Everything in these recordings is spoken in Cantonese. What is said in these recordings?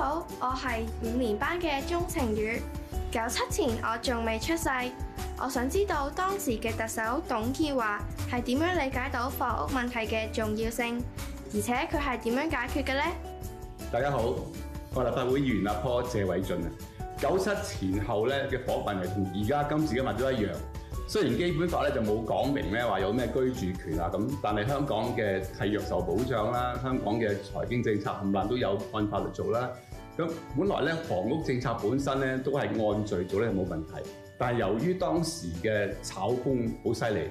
大家好，我係五年班嘅鍾晴予。九七前我仲未出世，我想知道當時嘅特首董建華係點樣理解到房屋問題嘅重要性，而且佢係點樣解決嘅咧？大家好，我係立法會議員阿波謝偉俊啊。九七前後咧嘅房屋問題同而家今時今日都一樣。雖然基本法咧就冇講明咧話有咩居住權啊咁，但係香港嘅契約受保障啦，香港嘅財經政策冚唪唥都有按法律做啦。咁本來咧房屋政策本身咧都係按序做咧冇問題，但係由於當時嘅炒風好犀利。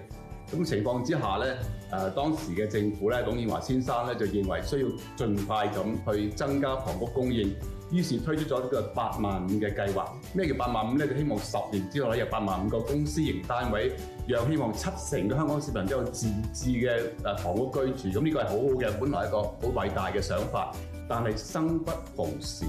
咁情況之下咧，誒、呃、當時嘅政府咧，董建華先生咧就認為需要盡快咁去增加房屋供應，於是推出咗呢個八萬五嘅計劃。咩叫八萬五咧？就希望十年之後咧有八萬五個公私型單位，又希望七成嘅香港市民都有自置嘅誒房屋居住。咁、嗯、呢、這個係好好嘅，本來一個好偉大嘅想法，但係生不逢時。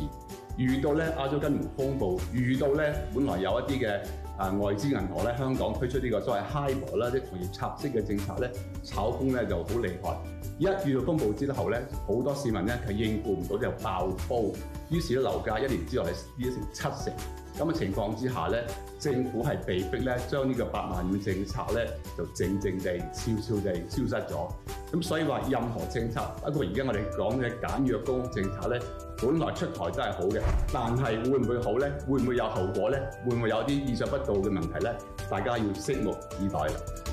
遇到咧亞洲金融風暴，遇到咧本來有一啲嘅啊外資銀行咧，香港推出呢、這個所謂 HIBOR 啦，啲同業拆息嘅政策咧，炒風咧就好厲害。一遇到風暴之後咧，好多市民咧佢應付唔到就爆煲，於是咧樓價一年之內係跌咗成七成，咁嘅情況之下咧，政府係被逼咧將呢個八萬五政策咧就靜靜地悄悄地消失咗。咁所以話任何政策，包括而家我哋講嘅簡約公屋政策咧，本來出台都係好嘅，但係會唔會好咧？會唔會有後果咧？會唔會有啲意想不到嘅問題咧？大家要拭目以待啦。